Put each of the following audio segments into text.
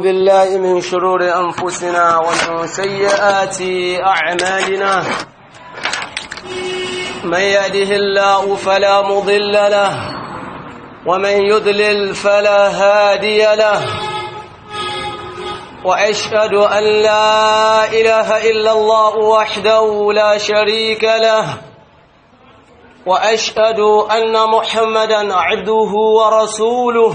بالله من شرور أنفسنا ومن سيئات أعمالنا من يهده الله فلا مضل له ومن يذلل فلا هادي له وأشهد أن لا إله إلا الله وحده لا شريك له وأشهد أن محمدا عبده ورسوله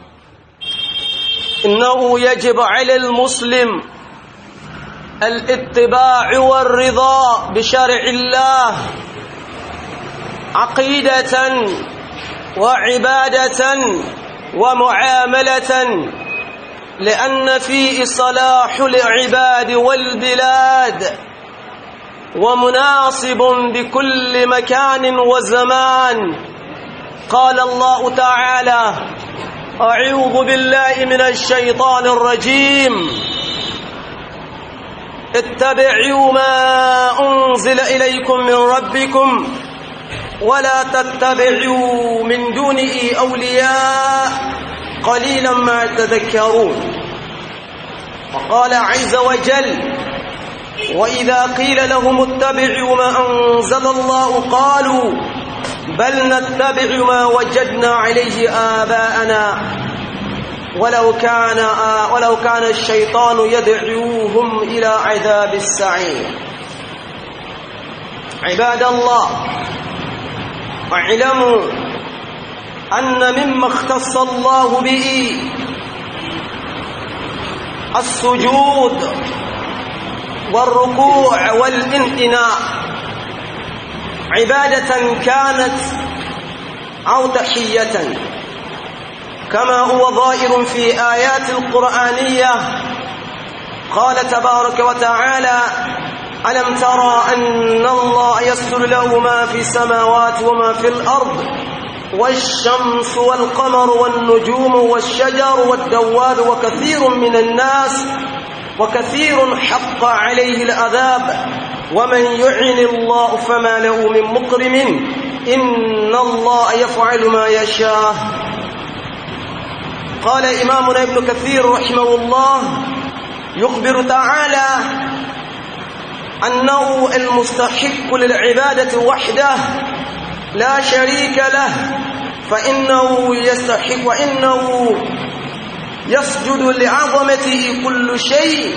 إنه يجب على المسلم الاتباع والرضا بشرع الله عقيدة وعبادة ومعاملة لأن فيه صلاح العباد والبلاد ومناسب بكل مكان وزمان قال الله تعالى أعوذ بالله من الشيطان الرجيم اتبعوا ما أنزل إليكم من ربكم ولا تتبعوا من دونه أولياء قليلا ما تذكرون وقال عز وجل وإذا قيل لهم اتبعوا ما أنزل الله قالوا بل نتبع ما وجدنا عليه آباءنا ولو كان ولو كان الشيطان يدعوهم إلى عذاب السعير عباد الله اعلموا أن مما اختص الله به السجود والركوع والانتناء عبادة كانت أو تحية كما هو ظاهر في آيات القرآنية قال تبارك وتعالى ألم ترى أن الله يسر له ما في السماوات وما في الأرض والشمس والقمر والنجوم والشجر والدواب وكثير من الناس وكثير حق عليه العذاب ومن يعن الله فما له من مقرم إن الله يفعل ما يشاء قال إمامنا ابن كثير رحمه الله يخبر تعالى أنه المستحق للعبادة وحده لا شريك له فإنه يستحق وإنه يسجد لعظمته كل شيء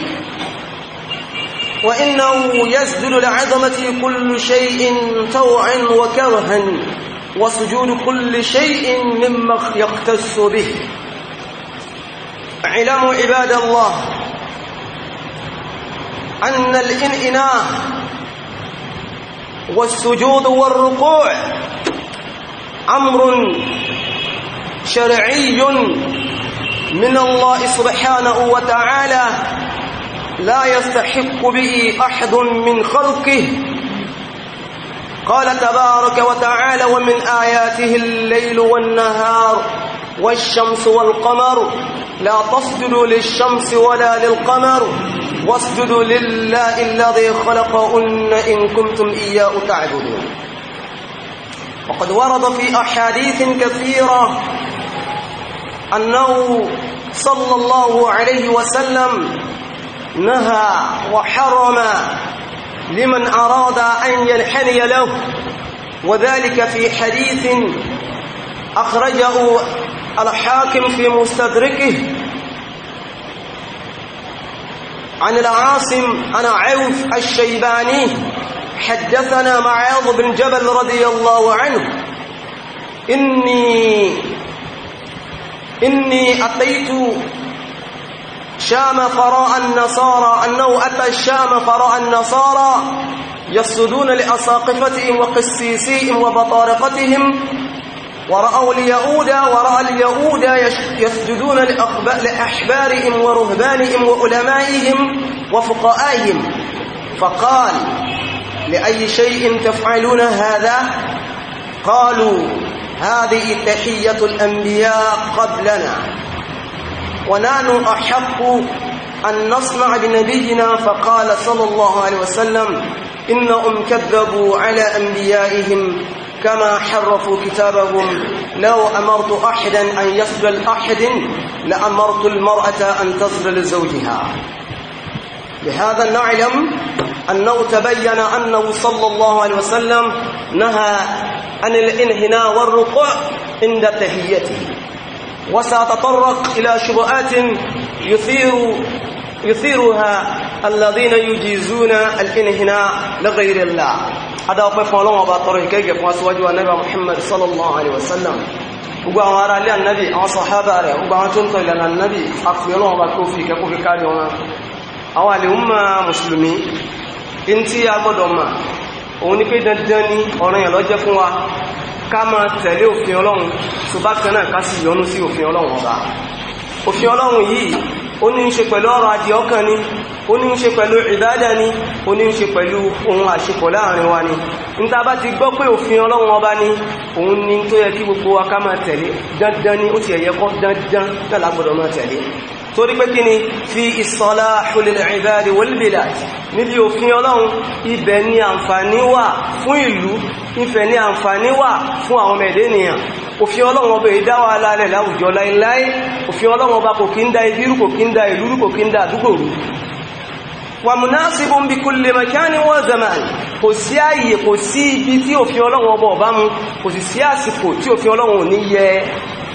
وإنه يسجد لعظمة كل شيء طوعا وكرها وسجود كل شيء مما يقتص به اعلموا عباد الله أن الإنئناء والسجود والركوع أمر شرعي من الله سبحانه وتعالى لا يستحق به أحد من خلقه قال تبارك وتعالى ومن آياته الليل والنهار والشمس والقمر لا تسجدوا للشمس ولا للقمر واسجدوا لله الذي خلقهن إن كنتم إياه تعبدون وقد ورد في أحاديث كثيرة أنه صلى الله عليه وسلم نهى وحرم لمن أراد أن ينحني له وذلك في حديث أخرجه الحاكم في مستدركه عن العاصم أنا عوف الشيباني حدثنا معاذ بن جبل رضي الله عنه إني إني أتيت شام فراء النصارى أنه أتى الشام فراء النصارى يسجدون لأساقفتهم وقسيسيهم وبطارقتهم ورأوا اليهود ورأى اليهود يسجدون لأحبارهم ورهبانهم وعلمائهم وفقائهم فقال لأي شيء تفعلون هذا قالوا هذه تحية الأنبياء قبلنا ونحن أحق أن نصنع بنبينا فقال صلى الله عليه وسلم إنهم كذبوا على أنبيائهم كما حرفوا كتابهم لو أمرت أحدا أن يصل أحد لأمرت المرأة أن تصل لزوجها بهذا نعلم أنه تبين أنه صلى الله عليه وسلم نهى عن الإنهناء والرقوع عند تهيته وسأتطرق إلى شبهات يثير يثيرها الذين يجيزون الانحناء لغير الله هذا أقف فلان أبا طريق كيف وأسواجه النبي محمد صلى الله عليه وسلم gbogbo àwọn ará ilé ànábì àwọn sàhábà rẹ̀ gbogbo àwọn tó ń tọ́ ìlànà ànábì àfihàn ọba kó fi kẹ́kọ́ fi kárí wọn àwọn àlèúmà mùsùlùmí in tí a gbọ́dọ̀ mà òun ni pé dandan ni ọ̀ranyàn ló jẹ́ fún wa ká máa tẹ̀lé òfin ọlọ́run tó bá kan náà ká sì yọnú sí òfin ọlọ́run ọba òfin ọlọ́run yìí ó ní ń ṣe pẹ̀lú ọ̀rọ̀ adì ọkàn ni ó ní ń ṣe pẹ̀lú ìbádà ni ó ní ń ṣe pẹ̀lú ohun àṣepọ̀ láàrin wa ni ní ta bá ti gbọ́ pé òfin ọlọ́run ọba ni òun ni tó yẹ kí gbogbo wa ká máa tẹ̀lé dandan ni ó ti ẹ̀yẹ kọ́ dandan tẹ́lá gbọ́dọ̀ máa tẹ̀lé torí pé kí ni fi islahi lil ibadi wal bilad níbi òfin ọlọ́run ibẹ̀ ni àǹfààní wà fún ìlú ìfẹ̀ ni àǹfààní wà fún àwọn ọmọ ẹ̀dẹ́ ènìyàn òfin ọlọ́run ọba èdá wà lálẹ̀ láwùjọ láíláí òfin ọlọ́run ọba kò kí ń da ibírù kò kí ń da ìlú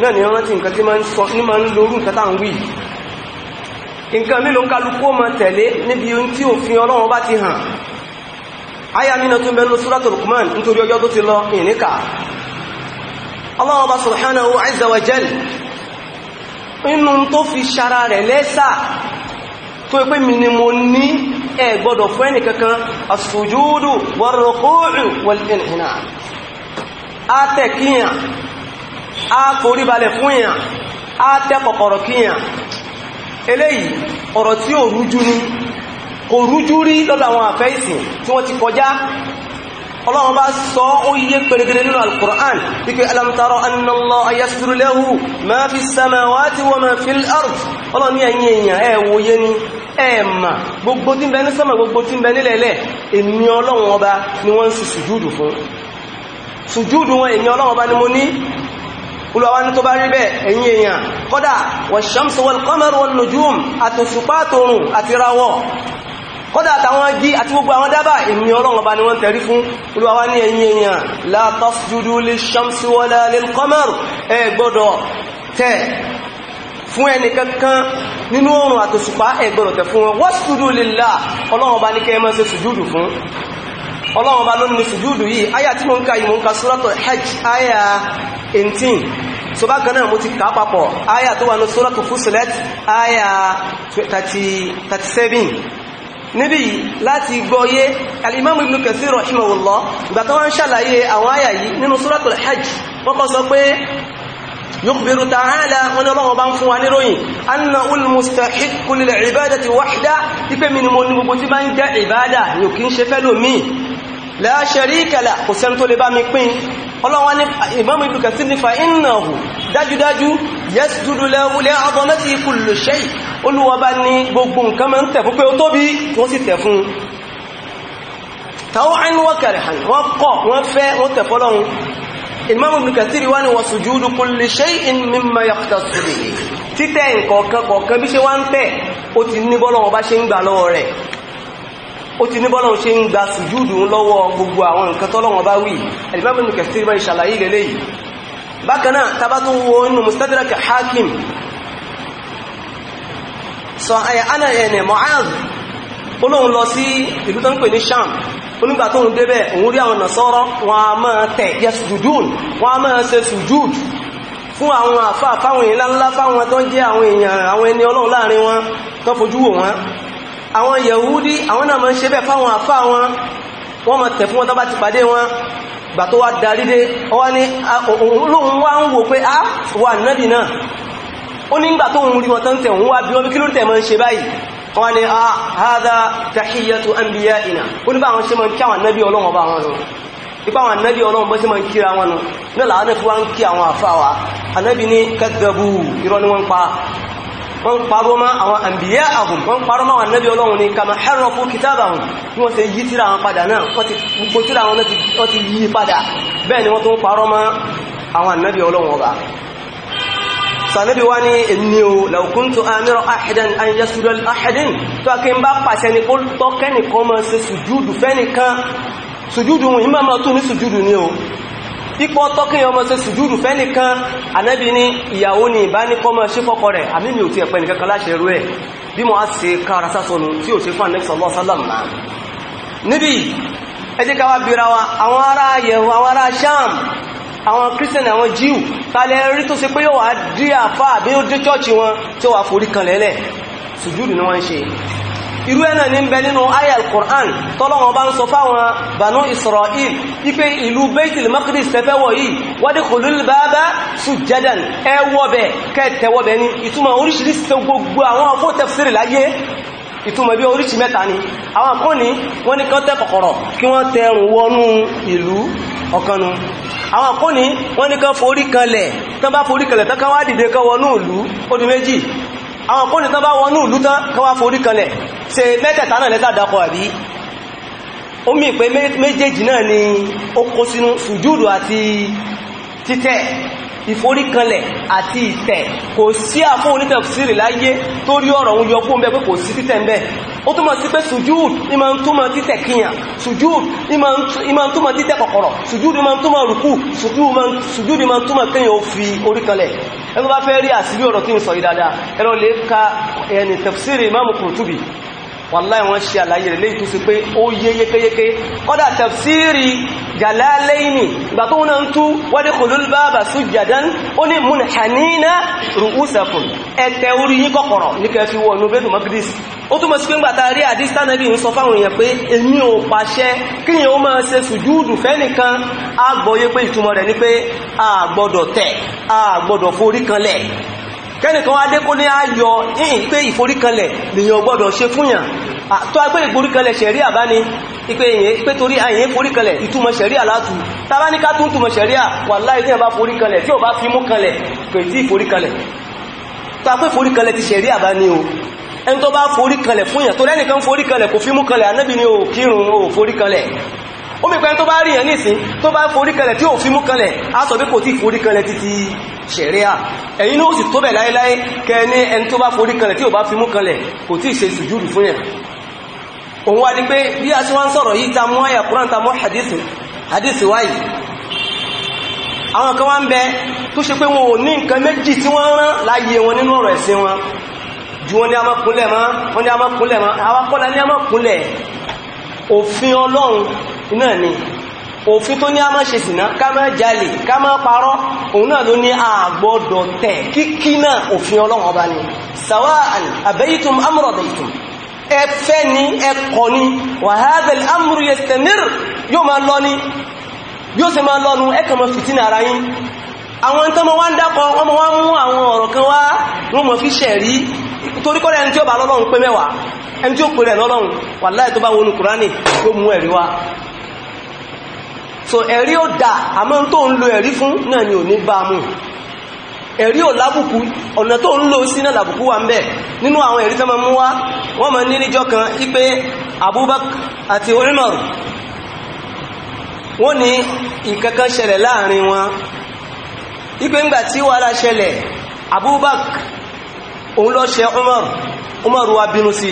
náà ni rántí nǹkan tí ma ń lórú nǹkan tá ń wí nǹkan mílò ń kálukú ma tẹ̀lé níbi tí òfin ọlọ́run bá ti hàn aya mina tún bẹnu suratul Luqman nítorí ọjọ́ tó ti lọ ìníkà Allah bá subhanahu azza wa jal inú tó fi ṣara rẹ̀ lẹ́sà tó pé mi ni mo ní ẹ gbọ́dọ̀ fún ẹnì kankan as-sujudu a forí balẹ̀ fún èèyàn a tẹ́ kọ̀kọ̀rọ̀ kíyàn eléyìí ọ̀rọ̀ tí ò rújú ní kò rújú rí lọ́dọ̀ àwọn àfẹ́ ìsìn tí wọ́n ti kọjá ọlọ́run bá sọ ó yé pẹ̀lẹ̀gẹ̀rẹ̀ nínú al wípé alam tara anna ma fi as-samawati wa ma fi al ọlọ́run ní ẹ̀yìn èèyàn ẹ̀ wòye ni ẹ̀ẹ̀mà gbogbo tí ń bẹ ní sánmà gbogbo tí ń bẹ nílẹ̀lẹ̀ èmi ọlọ́run ọba ni wọ́n ń sì sùjúdù fún sùjúdù wọn èmi ọlọ́run ọba ni mo ní olùwàwá ní tó bá rí bẹ́ẹ̀ ẹ̀yin èèyàn kọ́dà wash-shamsu wal-qamaru wan-nujum àtòṣùpá àtòrùn àti rawọ́ kọ́dà àtàwọn jí àti gbogbo àwọn dábà èmi ọlọ́run ọba ni wọ́n tẹ̀rí fún olùwàwá ní ẹ̀yin èèyàn la tasjudu lish-shamsi wala lil-qamar ẹ gbọ́dọ̀ tẹ̀ fún ẹni kankan nínú oòrùn àtòṣùpá ẹ gbọ́dọ̀ tẹ̀ fún wọn lillah ọlọ́run ọba ní kẹ́ ẹ máa ṣe sùjúdù ọlọ́wọ́n bá ló ní sùjúdù yìí ayá tí mo ń ka yìí mo ń ka suratul hajj ayá 18 so bákan náà mo ti kà papọ̀ ayá tó wà ní suratul fusilet ayá 37 níbi láti gbọ́yé alimamu ibn kathir rahimahullah ìgbà tó wá ń ṣàlàyé àwọn ayá yìí nínú suratul hajj wọ́n kọ́ sọ pé يخبر تعالى ان الله بان فواني روين ان المستحق للعباده وحده يبقى من من بوتي بان جا عباده يمكن la sharika la kò sẹ́ni tó lè bá mi pín ọlọ́wọ́ ní Imam Ibn Kathir ní fa innahu dájúdájú yasjudu lahu li azamati kullu shay olúwọba ní gbogbo nǹkan mẹ́ ń tẹ̀ fún pé ó tóbi wọ́n sì tẹ̀ fún taw'an wa karhan wọ́n kọ̀ wọ́n fẹ́ wọ́n tẹ̀ fọ́lọ́run Imam Ibn Kathir wá ní wa sujudu kulli shay'in mimma yaqtasu bihi títẹ̀ nǹkan kọ̀ọ̀kan bí ṣe wá ń tẹ̀ ó ti ní bá ṣe ń gbà lọ́wọ́ rẹ̀ ó ti ní bọ́lọ̀ ṣe ń gba sùjúdù lọ́wọ́ gbogbo àwọn nǹkan tọ́lọ́wọ́ bá wí ẹ̀lẹ́bàbìn nù ìṣàlàyé yìí bákanáà wo inú hakim sọ ana ẹ̀nẹ̀ Mu'adh olóhun lọ sí ìlú tó ń pè ní sham onígbà tó ń débẹ̀ òun rí àwọn nàṣọ́rọ́ wọn a máa tẹ̀ yẹ a máa ṣe fún àwọn fáwọn tó ń àwọn èèyàn àwọn ẹni ọlọ́run láàrin àwọn yẹ̀wúdí àwọn náà máa ń ṣe bẹ́ẹ̀ fáwọn àfá wọn wọ́n máa tẹ̀ fún wọn tọ́bá ti pàdé wọn gbà tó wá darí dé ọwá ní olóhun wá ń wò pé a wà náàbì náà ó ní gbà tó ń rí wọn tán tẹ̀ wọ́n wá bí wọ́n bí kí ló tẹ̀ máa ń ṣe báyìí wọ́n ní a hádá tahiyyatu anbiya'ina ó ní bá àwọn ṣe máa ń kí àwọn náàbì ọlọ́wọ́ bá wọn lọ ipa àwọn anábì ọlọ́run bọ́ sí ma ń kíra wọn nù nílà àwọn ẹ̀fọ́ wá ń kí àwọn àfáwà anábì ní kẹ́gẹ́bù irọ́ ni wọ́n ń wọ́n parọ́ mọ́ àwọn àǹbíyá àhùn wọ́n parọ́ mọ́ àwọn ànábì ọlọ́run ní kàmà hẹ́rọ̀ fún kìtàbà hùn bí wọ́n ṣe yí tíra àwọn padà náà gbogbo tíra àwọn ti yí padà bẹ́ẹ̀ ni wọ́n tó ń parọ́ àwọn ànábì ọlọ́run ọba sànábì wá ní èmi o law kuntu amira ahadan an yasjuda li ahadin tó akẹ́ ń bá pàṣẹ ní kó tọ́kẹ́ nìkan mọ́ ṣe sùjúdù fẹ́ nìkan sùjúdù wọn ìmọ̀ mọ́ tó ní sùjúdù o pípọ́ tọ́kíyàn ọmọ ṣe sùjúdù fẹ́ nìkan anábì ní ìyàwó ni ìbánikọ́mọ ṣe fọ́kọ rẹ̀ àmì mi ò ti ẹ̀pẹ́ nìkan kan láṣẹ rú ẹ̀ bí mo á ṣe kan ara sásọnù tí ò ṣe fún anẹ́bì sallallahu alaihi wasallam náà níbi ẹ jẹ́ ká wá bira wa àwọn ará yẹ̀wò àwọn ará sham àwọn christian àwọn jew tàlẹ̀ rí tó ṣe pé yóò wá dí àfáà bí ó dé chọ́ọ̀chì wọn tí ó wà forí kan lẹ́lẹ̀ sùjúdù ni wọ́n ń ṣe irú ẹ̀nà ní bẹ nínú ayé al-Qur'an tọ́lọ́wọ́n bá ń sọ fáwọn Banu Isra'il ipe ìlú Baitul Maqdis tẹ́fẹ́wọ̀ yìí wadkhulul baba sujjadan ẹwọ́bẹ̀ kẹtẹwọ́bẹ̀ ní ìtumọ̀ oríṣiríṣi gbogbo àwọn afọ́ tafsiri láyé ìtumọ̀ bí oríṣi mẹ́ta ni àwọn kan ní wọ́n ní kán tẹ́ kọ̀kọ̀rọ̀ kí wọ́n tẹrùn wọnú ìlú ọ̀kanu àwọn kan ní wọ́n ní kán forí kanlẹ̀ tán bá forí kanlẹ̀ tán kán wá dìde kán wọnú ìlú ó di méjì àwọn kan tán bá wọnú ìlú tán kán wá forí kanlẹ̀ ṣe mẹ́tẹ̀ẹ̀ta náà lẹ́sà dákọ̀ àbí ó mì pé méjèèjì náà ni ó kó sínú sùjúdù àti títẹ̀ ìforíkanlẹ̀ àti ìtẹ̀ kò sí àfún onítẹ̀sírì láyé tó rí ọ̀rọ̀ òun yọ fún bẹ́ pé kò sí títẹ̀ ń bẹ́ ó túnmọ̀ sí pé sùjúd ìmọ̀ ń túnmọ̀ títẹ̀ kíyàn sùjúd ìmọ̀ ń túnmọ̀ títẹ̀ kọ̀kọ̀rọ̀ sùjúd ìmọ̀ ń túnmọ̀ rùkú sùjúd ìmọ̀ ń túnmọ̀ kíyàn ó fi oríkanlẹ̀ wàláì wọ́n ṣe àlàyé rẹ̀ léyìí tó sì pé ó yé yékéyéké kọ́dà tafsiri jàlálẹ́yìnì ìgbà tó wọ́n tú wọ́dé kòlúlbàbà sujjadan ó ní munhanina ru'usakum ẹ̀tẹ̀ orí yí kọ́kọ̀rọ̀ ní kẹfí wọnú bẹ́ẹ̀dù magdis ó túnmọ̀ sí pé ń gbàtà rí àdísítà náà bí ń sọ fáwọn èèyàn pé èmi ò pàṣẹ kí ni ó máa ṣe sùjúùdù fẹ́nìkan á gbọ́yé pé ìtumọ̀ rẹ̀ ni pé a tẹ̀ a forí kanlẹ̀ kẹ́nìkan wá dé kó ní ayọ̀ yìí pé ìforíkanlẹ̀ lèyàn gbọ́dọ̀ ṣe fúnyàn tó a pé ìforíkanlẹ̀ ṣẹ̀ríà bá ní ipe èyàn pé torí àyè ìforíkanlẹ̀ ìtumọ̀ ṣẹ̀ríà látù tàbá ní ká tún túmọ̀ ṣẹ̀ríà wàláhì tí a bá foríkanlẹ̀ tí ò bá fi mú kanlẹ̀ kò tí ìforíkanlẹ̀ tó a pé ìforíkanlẹ̀ ti ṣẹ̀ríà bá ní o ẹni tó kanlẹ̀ ó mi pẹ́ tó bá rí yàn nísìn tó bá forí kanlẹ̀ tí ò fi mú kanlẹ̀ á sọ pé kò tí forí kanlẹ̀ títí ṣẹ̀ríà ẹ̀yin ní ó sì tó bẹ̀ láéláé kẹ́ ní ẹni tó bá forí kanlẹ̀ tí ò bá fi mú kanlẹ̀ kò tí ṣe sùjúdù fún yàn òun wá ní pé bí a ṣe wá ń sọ̀rọ̀ yìí ta mú àyà kúrán ta mú hadith hadith wáyìí àwọn kan wá ń bẹ tó ṣe pé wọn ò ní nǹkan méjì tí wọ́n rán láyé wọn nínú ọ̀rọ̀ ẹ̀sìn wọn ju wọn ní a mọ́ wọn ní a mọ́ àwọn kọ́lá ní a òfin ọlọ́run náà ni òfin tó ní a máa ṣe sìná ká máa jalè ká máa parọ́ òun náà ló ní àgbọ́dọ̀ tẹ̀ kíkí náà òfin ọlọ́run ọba ni sawa'an abaytum am radaytum ẹfẹ́ ni ẹkọ̀ ni wa hadha al-amru yóò máa lọ ni yóò sì máa lọ nu ẹkọ̀ mọ́ fìtínà ara yín àwọn tán mọ́ wá ń dákọ wọ́n mọ́ wá mú àwọn ọ̀rọ̀ kan wá wọ́n mọ̀ fi ṣẹ̀rí torí kọ́lẹ̀ ẹni tí ó bá lọ́lọ́run pé mẹ́wàá ẹni tí ó pèrè lọ́lọ́run wàláhì tó bá wọnú kùránì tó mú ẹ̀rí wá so ẹ̀rí ó dà àmọ́ tó ń lo ẹ̀rí fún náà ni ò ní bá mú ẹ̀rí ò lábùkú ọ̀nà tó ń lò sí náà lábùkú wà ń bẹ̀ nínú àwọn ẹ̀rí tó máa mú wá wọ́n máa ní níjọ́ kan wípé Abubakar àti Umar wọ́n ní ìkankan ṣẹlẹ̀ láàrin wọn ipe ńgbà tí wàhálà ṣẹlẹ̀ Abubakar òun lọ ṣe Umar Umar wa bínú sí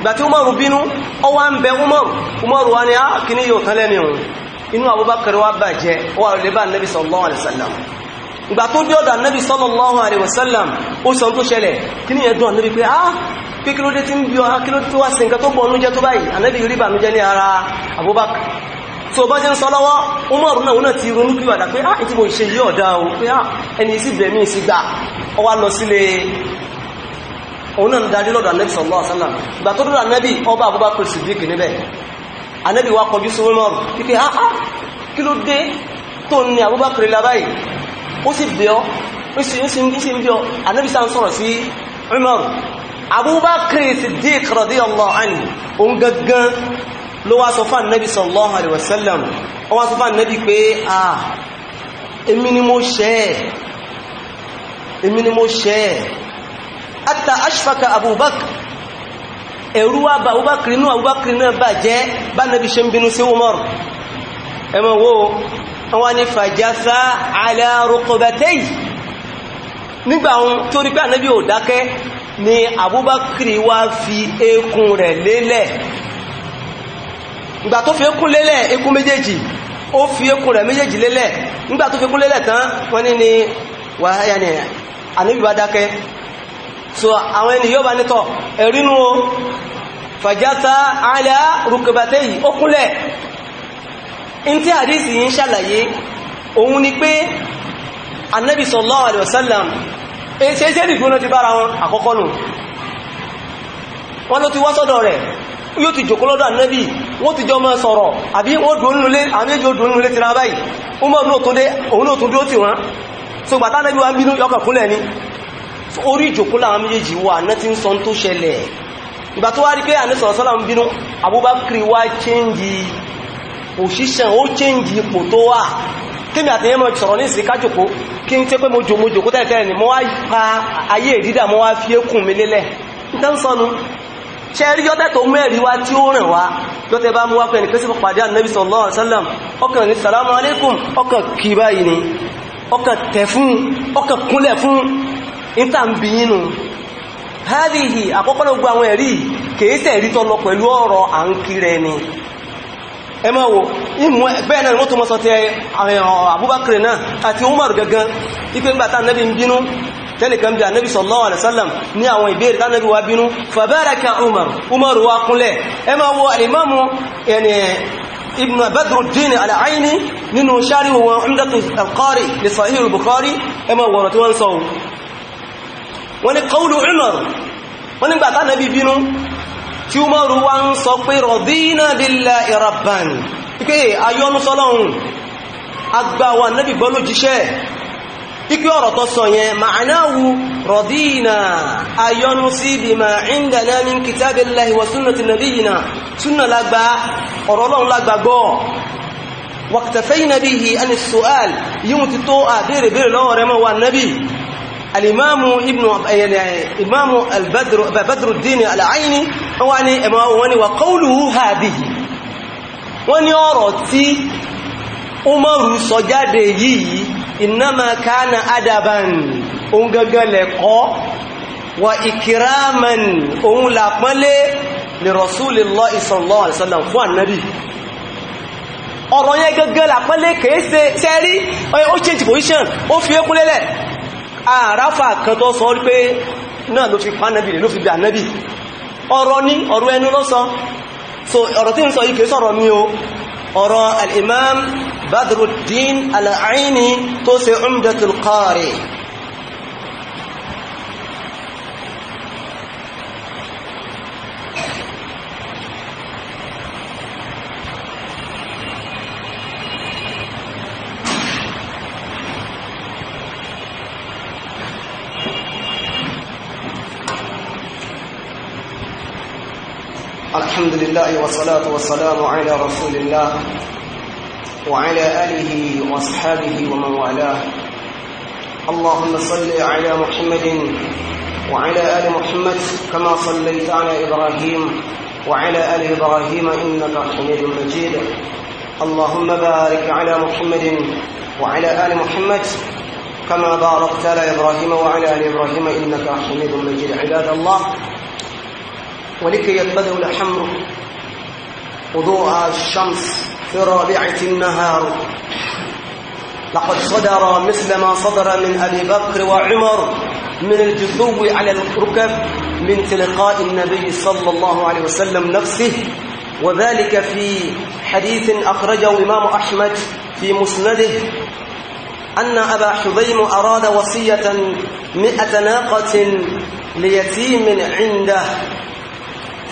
ìgbà tí Umar bínú ọ wá ń bẹ Umar Umar wa ni ah kìíní yóò kán lẹ́nu òun inú Abubakar wa bàjẹ́ wà lè bá nabi sallallahu alaihi wasallam ìgbà tó dé ọ̀dà nabi sallallahu alaihi wasallam ó sọ tó ṣẹlẹ̀ kìíní yẹn dùn ànábi pé ah pé kí ló dé tí ń bí ọ ah, kí ló dé wá sí nǹkan tó bọ̀ ọ́nú tó báyìí ànábi rí bànújẹ́ ní ara Abubakar so bá jẹ́ ń sọ lọ́wọ́ umaru náà náà ti ronú kí wàdà pé ah ìtí mo ṣe yí ọ̀dá o pé ah ẹni sí bẹ̀rẹ̀ mí sí gbà ọ wá lọ sílé òun náà darí lọ́dọ̀ anẹ́bì sallallahu alaihi wasallam gbà tó dọ́dọ̀ anẹ́bì ọba Abubakar Siddiq níbẹ̀ anẹ́bì wa kọjú sí umaru pípé ah radiyallahu anhu òun gangan ló wá sọ fún ànábì sallallahu alaihi wasallam ó wá sọ fún ànábì pé à èmi ni mo ṣẹ̀ ẹ́ èmi ni mo ṣẹ̀ ẹ́ hatta ashfaka abubakar ẹ̀rú wa bá abubakar inú abubakar náà bà jẹ́ bá ànábì ṣe ń bínú sí umar ẹmọ wo wọ́n ní ni abubakar wá fi eékún rẹ̀ lélẹ̀ ìgbà tó fi eékún lélẹ̀ eékún méjèèjì ó fi eékún rẹ̀ méjèèjì lélẹ̀ nígbà tó fi eékún lélẹ̀ tán wọ́n ní ni wàhálà ni àníbi bá dákẹ́ so àwọn ẹni yóò bá nítọ̀ ẹ̀rínú o fàjátá àlá rùkẹ̀bàtẹ́ yìí ó kúnlẹ̀ in tí àdísì yìí ń ṣàlàyé òun ni pé annabi sallallahu alaihi wasallam ẹ̀ṣẹ́ṣẹ́ ìgbóná ti bára wọn àkọ́kọ́ nù wọ́n ló ti wá sọ́dọ̀ rẹ̀ yóò ti jòkó lọ́dọ̀ ànábì wọ́n ti jọ máa sọ̀rọ̀ àbí wọ́n dùn nílé àmẹ́jì ó dùn nílé ti ra báyìí ó mọ́ ní òtúndé òun ní òtúndé ó ti wọ́n so gbàtà ànábì wa ń bínú yọkàn kúnlẹ̀ ni orí ìjòkó láwọn méjèèjì wà àná ti ń sọ tó ṣẹlẹ̀ ìgbà tó wá rí pé àná sọ̀rọ̀ sọ́lá ń bínú Abubakar wá chéǹjì òṣìṣẹ́ ó chéǹjì ipò tó wà kíni àtẹ́yẹ́ mọ̀ sọ̀rọ̀ ní ìsìnká jòkó kí n tẹ́ pé mo jòmó jòkó tẹ́lẹ̀tẹ́lẹ̀ ni mo wá pa ayé ìdídà mo wá fi ékùn mi lélẹ̀ ń ń sọnu ṣe rí yọ́tẹ́ tó mẹ́rin wá tí ó rìn wá yọ́tẹ́ bá mú wá pẹ̀lú kẹsìkò pàdé ànábì sallallahu alaihi wasallam ọkàn ní salamu alaikum ọkàn kì báyìí ni ọkàn tẹ̀ fún ọkàn kúnlẹ̀ fún ìtàǹbìyìnù hádìhì àkọ́kọ́ ló gba àwọn ẹ̀rí kìí tẹ̀rí tọ́lọ pẹ̀lú ọ̀rọ̀ à ń kiri ẹni ẹ máa wò bẹ́ẹ̀ náà ni wọ́n tó mọ́ sọ ti Abubakar náà àti Umar tẹ́nìkan bí anábì sallallahu alaihi wasallam ní àwọn ìbéèrè tánàbí wa bínú fàbẹ́rẹ̀kà umar umar wa kúnlẹ̀ ẹ máa wo alimamu ẹni ibn badruddin al'aini nínú sáré wọn umdatu alqari ní sahih al-bukhari ẹ máa wọ̀rọ̀ tí wọ́n sọ wọ́n ni qawlu umar wọ́n nígbà tánàbí bínú tí umar wa ń sọ pé radina billahi rabban ike ayọ́nusọ́lọ́hun agbáwa nábì gbọ́lójíṣẹ́ ikú ọ̀rọ̀ tó sọ yẹn ma'anáwu rọ̀dínà ayọ́nu sí bima indana min kitabillahi wa sunnati nabiyina súnà lágbà ọ̀rọ̀ ọlọ́run lágbà gbọ́ waqtafayna bihi ti tó àbèrè bèrè lọ́wọ́ rẹ̀ mọ́ wa nabi الإمام ابن يعني إمام البدر بدر الدين العيني واني وقوله هذه واني أرتي عمر ìnáma kánà adaban òun gangan lẹ̀kọ́ wa ìkìráman òun làpọ́nlé lè Rasulullah sallallahu alaihi wasallam fún ànábì ọ̀rọ̀ yẹn gangan làpọ́nlé kèé ṣe sẹ́rí ó change position ó fi é kúnlélẹ̀ àràfà kan tó sọ pé náà ló fi pa ànábì fi gbà ànábì ọ̀rọ̀ ní ọ̀rọ̀ ẹnu lọ́sọ so ọ̀rọ̀ tí ń sọ yìí kèé sọ̀rọ̀ mi o ọ̀rọ̀ al-imam بدر الدين العيني tó عمدة القاري الحمد لله والصلاة والسلام على رسول الله وعلى آله وأصحابه ومن والاه اللهم صل على محمد وعلى آل محمد كما صليت على إبراهيم وعلى آل إبراهيم إنك حميد مجيد اللهم بارك على محمد وعلى آل محمد كما باركت على إبراهيم وعلى آل إبراهيم إنك حميد مجيد عباد الله ولكي يتبدأ الحمر وضوء الشمس في رابعة النهار لقد صدر مثل ما صدر من أبي بكر وعمر من الجثو على الركب من تلقاء النبي صلى الله عليه وسلم نفسه وذلك في حديث أخرجه إمام أحمد في مسنده أن أبا حذيم أراد وصية مئة ناقة ليتيم عنده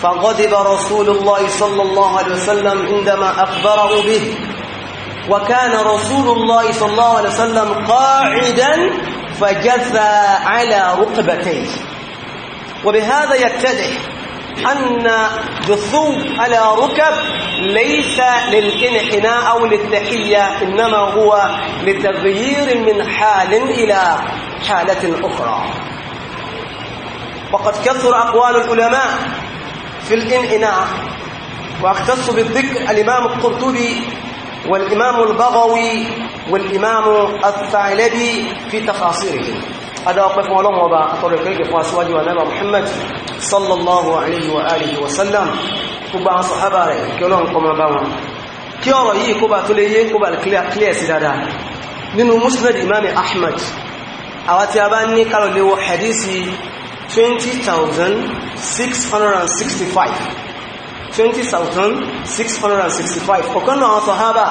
فغضب رسول الله صلى الله عليه وسلم عندما أخبره به وكان رسول الله صلى الله عليه وسلم قاعدا فجثى على ركبتيه وبهذا يتضح أن جثو على ركب ليس للانحناء أو للتحية إنما هو لتغيير من حال إلى حالة أخرى وقد كثر أقوال العلماء في الانعناع واختص بالذكر الإمام القرطبي والإمام البغوي والإمام الثعلبي في تفاصيله هذا وقف لهم وبا طريقك فاسواج ونبى محمد صلى الله عليه وآله وسلم كبا صحابة كلهم قم باهم kí ọ̀rọ̀ yìí kó bá tó lè yé kó bá clear sí dáadáa nínú musnad imam 20,665 20,665 ọ̀kan náà àwọn sọ̀hábà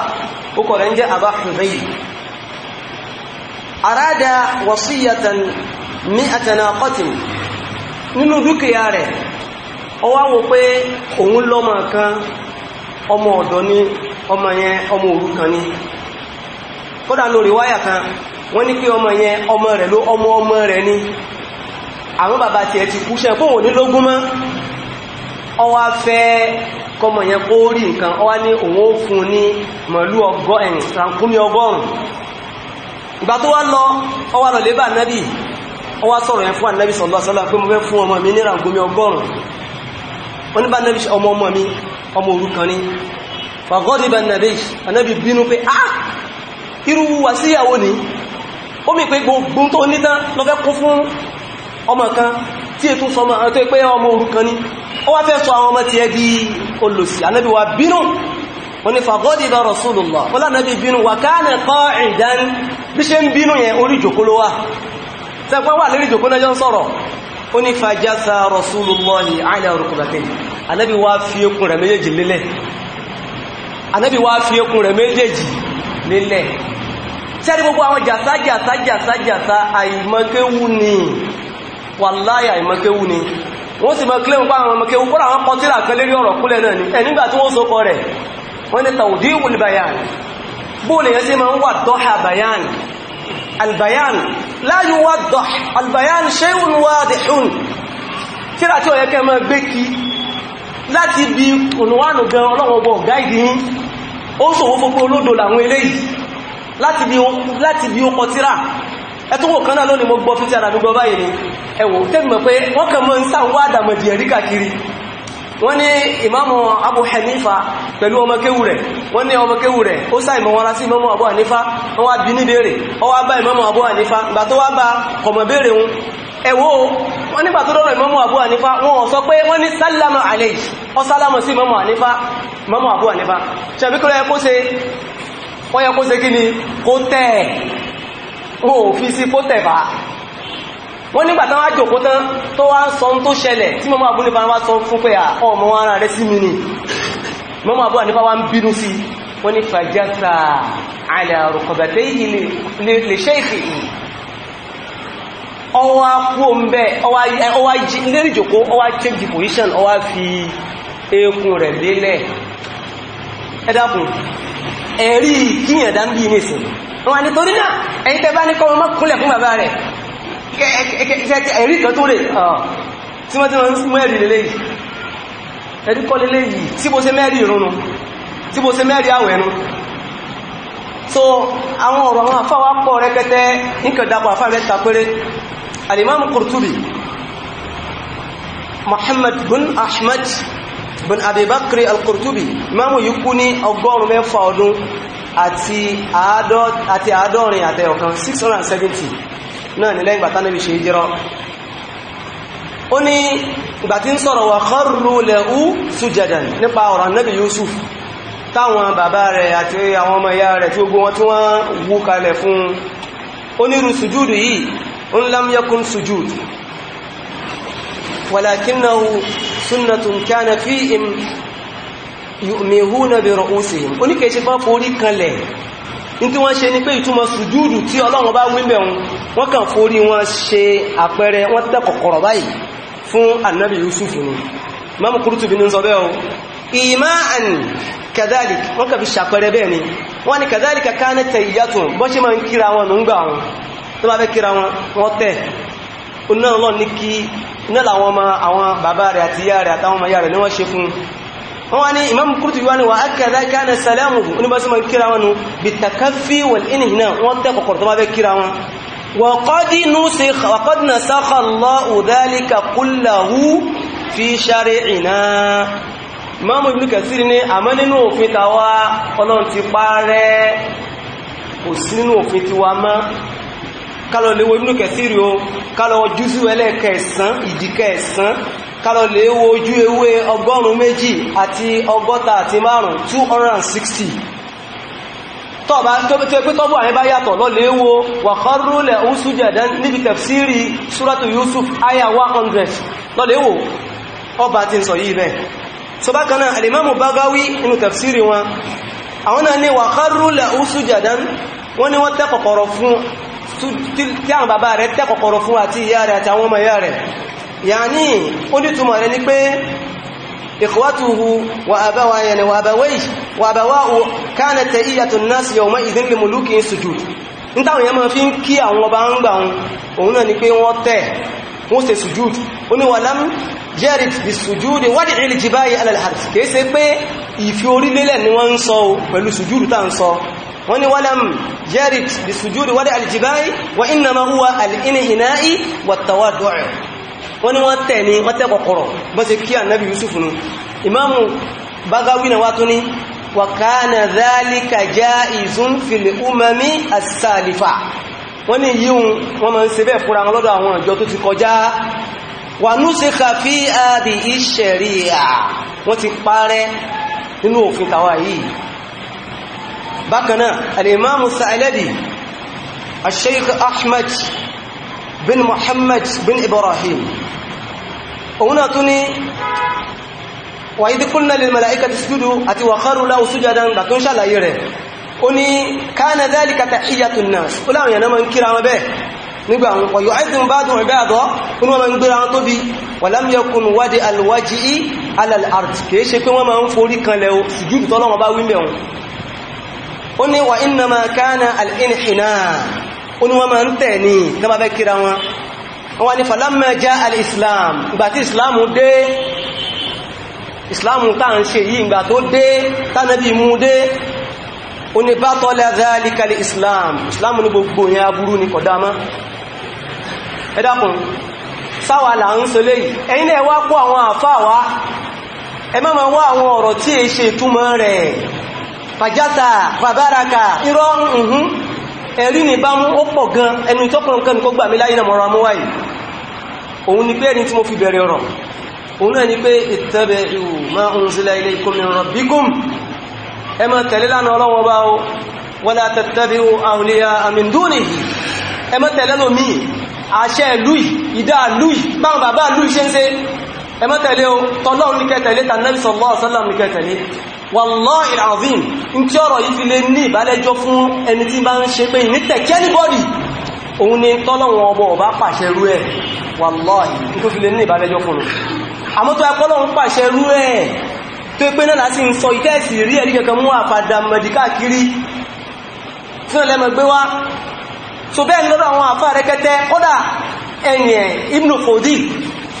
ó kọ̀ rẹ̀ ń jẹ́ àbá hudayl arada wasiyatan ní àtànàkọ́tìn nínú dúkìá rẹ̀ ó wò pé òun lọ́mọ kan ọmọ ọ̀dọ́ ní ọmọ yẹn ọmọ òrukàn ni kódà lórí wáyà kan wọ́n ní pé ọmọ yẹn ọmọ rẹ̀ ló ọmọ ọmọ rẹ̀ ni àwọn bàbá tiẹ̀ ti kú ṣẹ́ fóun ní lógún mọ́ ọwá fẹ́ kọmọ yẹn kó rí nǹkan ọwá ní òun ó fún ní mọ̀lú ọgọ́ ẹ̀yìn sàǹkúmí ọgọ́rùn-ún ìgbà tó wá lọ ọwá lọ lébà nábì ọwá sọ̀rọ̀ yẹn fún ànábì sallallahu pé mo fẹ́ ni fàgọ́dìbà nàbí ànábì bínú pé á ah! irú wàsíyàwó ni ó mì pé gbogbo tó ní tán fún ọmọ kan tí è tún sọmọ àwọn tó pé ọmọ òrukàn ni ó wá fẹ́ sọ àwọn ọmọ ti ẹ di olùsì anábí wa bínú wọn ni fagọ́dìbà rasulullah wọ́n lánàbí bínú wà káàlẹ̀ kọ́ ìdán bí ṣe ń bínú yẹn orí jòkóló wà tẹ́pẹ́ wà lórí jòkóló yọ sọ̀rọ̀ ó ní fàjásá rasulullah ala rukbatayhi anábí wa fi okùn gbogbo àwọn jàsá jàsá jàsá jàsá àìmọ́kéwú ni wàláyà ìmọ̀kéwú ni wọ́n sì mọ̀ kílẹ̀ ń pa àwọn ọmọkéwú kọ́ra àwọn kọtíra kan lérí ọ̀rọ̀ kúlẹ̀ náà ni ẹ̀ nígbà tí wọ́n sọkọ rẹ̀ wọ́n ní tàwùdí ìwòlì bayan bóòlù yẹn sí máa ń wà dọ́ha bayan albayan láyé wà dọ́ albayan ṣéun wà dìhun tíra tí ó láti bí ònúwànù gan ẹtúwò kan náà lónìí mo gbọ́ fífí ara mi gbọ́ báyìí ni ẹwò tẹ́mọ̀ pé wọ́n kàn mọ́ ń sáwọ́ àdàmọ̀dì ẹ̀rí kàkiri wọ́n ní ìmáàmù Abu Hanifa pẹ̀lú ọmọkéwù rẹ̀ wọ́n ní ọmọkéwù rẹ̀ ó sá ìmọ̀ wọn lá sí ìmáàmù Abu Hanifa wọ́n wá bí níbèrè ó wá bá ìmáàmù Abu Hanifa ìgbà tó wá bá kọ̀mọ̀ béèrè wọn ẹ̀wọ́ wọ́n nígbà tó dọ́rọ̀ ìmáàmù Abu Hanifa wọ́n sọ pé wọ́n ní sálámà àlẹ́ ọ sálámà sí ìmáàmù Hanifa ìmáàmù Abu Hanifa ṣàbíkọ́ yẹ kó ṣe kí ni kó tẹ́ ẹ̀ wọn ò fi sí kó tẹ̀bà wọ́n nígbà tán wá jòkó tán tó wá sọ ń tó ṣẹlẹ̀ tí mọ́mọ́ abúlé bá wá sọ fún pé ọmọ ara rẹ̀ sí mi ni mọ́mọ́ abúlé nípa wá ń bínú sí wọ́n ní fàjátà àlàrùkọ̀bẹ̀tẹ́ yìí lè ṣe ìfì yìí ọwá kú ọmọbẹ̀ ọwá position ọwá fi eékún rẹ̀ lélẹ̀ ẹ dákun ẹ̀rí kíyàn dá ń bí nísìnyí wọn ni torí náà ẹ̀yin tẹ́ bá ní kọ́mọ mọ́kúnlẹ̀ fún bàbá rẹ̀ ẹ̀rí kan tó lè tí wọ́n ti wọ́n mú ẹ̀rí lélẹ́ yìí ẹ̀rí kọ́ lélẹ́ yìí tí bó ṣe mẹ́rí ìrúnnu tí bó ṣe mẹ́rí àwẹ̀nu so àwọn ọ̀rọ̀ àwọn àfáwà pọ̀ rẹ́kẹ́tẹ́ nǹkan dapọ̀ àfáà rẹ̀ alimami Qurtubi Muhammad bin Ahmad bin Abi Bakri al-Qurtubi imamu yìí kú ní ọgọ́rùn ọdún àti àádọ́rin àti ọ̀kan 670 náà ní lẹ́yìn bàtà níbi ṣe jẹ́rọ ó ní ìgbà tí ń sọ̀rọ̀ wà kharru lahu sujadan nípa ọ̀rọ̀ Ànábì Yusuf táwọn bàbá rẹ̀ àti àwọn ọmọ ìyá rẹ̀ tí ogun wọn tí wọ́n wú kalẹ̀ fún onírú sùjúdù yìí ń lam yakun sùjúdù walakinnahu sunnatun kana fihim yu'mihuna bi ru'usihim oníkèéṣe bá forí kanlẹ̀ ní wọ́n ṣe ní pé ìtumọ̀ sùjúdù tí ọlọ́run bá wí bẹ̀rún wọ́n kàn forí wọn ṣe àpẹẹrẹ wọ́n tẹ́ kọ̀kọ̀rọ̀ báyìí fún annabi yusuf ni mamu kurutubi ní sọ bẹ́ẹ̀ o ìmáàn kàdálìk wọ́n kàfi ṣàpẹẹrẹ bẹ́ẹ̀ ni wọ́n ni kàdálìk kánẹ́ tẹ ìyàtọ̀ bọ́ ṣe máa ń kíra wọn nù ń gbà wọn tó bá fẹ́ kíra wọn wọ́n tẹ̀ onáà lọ ní kí iná làwọn ọmọ àwọn bàbá rẹ̀ àti ìyá rẹ̀ àtàwọn ni wọ́n ṣe fún wọ́n wá ní imam kúrútù wá ní wà ákàdá kánà sàlámù ní bá sí ma kíra wọn nù bí takafí wal inhina wọ́n tẹ́ kọ̀kọ̀rọ̀ tó bá fẹ́ kíra wọn waqad nasakha Allahu dhalika kullahu fi shari'ina imam ibn kathir ní àmọ́ nínú òfin tàwa ọlọ́run ti parẹ́ kò sí nínú òfin tiwa mọ́ kálọ̀ léwo ibn kathir o kálọ̀ jùsù ẹlẹ́kẹ̀ẹ́sán ìdíkẹ̀ẹ́sán kálọ̀ lè wo ojú ewé ọgọ́rùn méjì àti ọgọ́ta àti márùn 260 tọ́bá tó pé tọ́bù àyẹ́ bá yàtọ̀ lọ lè wo wàkọ́rù lẹ̀ ń sújẹ̀dẹ́ níbi tẹ̀fsírí súrátù Yusuf aya 100 lọ lè wo ọba ti ń sọ yìí bẹ́ẹ̀ so bákan náà alimamu Bagawi inú tẹ̀fsírí wọn àwọn náà ní wàkọ́rù lẹ̀ ń sújẹ̀dẹ́ wọ́n ní wọ́n tẹ́ kọ̀kọ̀rọ̀ fún tí àwọn bàbá rẹ̀ tẹ́ kọ̀kọ̀rọ̀ fún àti ìyá rẹ̀ àti àwọn ọmọ ìyá rẹ̀ yàní ó ní túmọ̀ rẹ̀ ní pé إخوته وأبواه يعني وأبويه وأبواه كانت تحية الناس يومئذ لملوكهم سجود nta àwọn èèyàn máa fi ń kí àwọn ọba ń gbà òun náà ni pé wọ́n tẹ̀ wọ́n ṣe sujúd ó ní walam yarid bí sujúd wádìí ìrìlì jìbá yìí alàlhàtì kìí ṣe pé ìfi orílẹ̀ ni wọ́n ń sọ o pẹ̀lú ń sọ walam yarid bí sujúd wádìí alìjìbá yìí wà innama huwa alìhìnáì wà tàwádọ́rẹ̀ wọ́n ní wọ́n tẹ̀ ní wọ́n tẹ́ kọ̀kọ̀rọ̀ bọ́ sí kí ànábì Yusuf nù ìmáàmù Bagawi náà wá tún ní wa kana dhalika jaizun fil umami as-salifa wọ́n ní yíhun wọ́n máa ń ṣe bẹ́ẹ̀ fúra wọn lọ́dọ̀ àwọn ìjọ tó ti kọjá wa nusikha fi adi ash-sharia wọ́n ti parẹ́ nínú òfin tàwa yìí bákanáà bin Muhammad bin Ibrahim òun náà tún ní wàyídí kúlnà lil malaikati isjudu àti wa kharu lahu sujadan gbà tó ń ṣàlàyé rẹ̀ ó ní kana dhalika tahiyyatun nas ó láwọn èèyàn náà máa ń kíra wọn bẹ́ẹ̀ nígbà àwọn ọ̀yọ́ àìsàn bá dùn ẹ̀bẹ́ àdọ́ inú wọn gbéra wọn tóbi walam yakun wadi alwaji'i ala wọ́n ni falamma já al-islam ìgbà tí islam dé islam tá ń ṣe yìí ìgbà tó dé tánàbí mú dé o ní bá tọ́lẹ̀ zalikali islam islam ní gbogbo yẹn aburú ní kọ̀dámá ẹ dákun sáwà là ń sọ léyìí ẹ̀yin náà wá kó àwọn àfáà wá ẹ ẹ̀rí ní bá mú ó pọ̀ gan ẹnu ìtọ́kùnrin kan kó gbà mí láyé nàmọ́ra mú wáyé òun ni pé ẹni tí mo fi bẹ̀rẹ̀ ọ̀rọ̀ òun náà ni pé ittabi'u ma unzila ilaykum min rabbikum ẹ máa tẹ̀lé lánàá ọlọ́wọ́ bá ó wala tattabi'u awliya min dunihi ẹ má tẹ̀lé o tọ́lọ́run ní kẹtẹ̀lé tànàbí sallallahu alaihi wasallam ní kẹtẹ̀lé wallahi alazim n tí ọ̀rọ̀ yìí fi lè ní ìbálẹ́jọ́ fún ẹni tí bá ń ṣe pé ní tẹ̀kẹ́ anybody òun ni tọ́lọ́run ọbọ̀ ọba pàṣẹ rú ẹ̀ wallahi n tó fi lè ní ìbálẹ́jọ́ fún un àmọ́ tó ẹkọ́lọ́run pàṣẹ rú ẹ̀ tó pé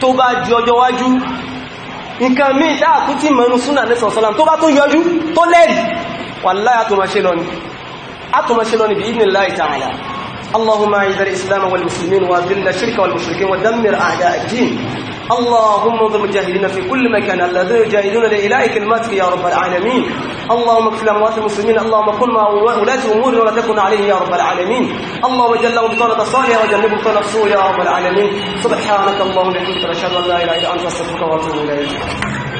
tó bá ju ọjọ́ wájú nǹkan míì dáàkú tí mẹ́nu súnà ní sọ̀sọ́lá tó bá tó yọjú tó lẹ́rì wà láyà tó máa ṣe lọ ní bí ìdínlá ìtààlà اللهم اعز الاسلام والمسلمين واذل الشرك والمشركين ودمر اعداء الدين اللهم انظر المجاهدين في كل مكان الذين يجاهدون لإله كلمتك يا رب العالمين اللهم اكفل اموات المسلمين اللهم كن مع ولاة امورهم ولا تكن عليهم يا رب العالمين اللهم جلهم بطانة صالحة وجنبهم بطانة سوء يا رب العالمين سبحانك اللهم وبحمدك اشهد ان لا اله الا انت استغفرك واتوب اليك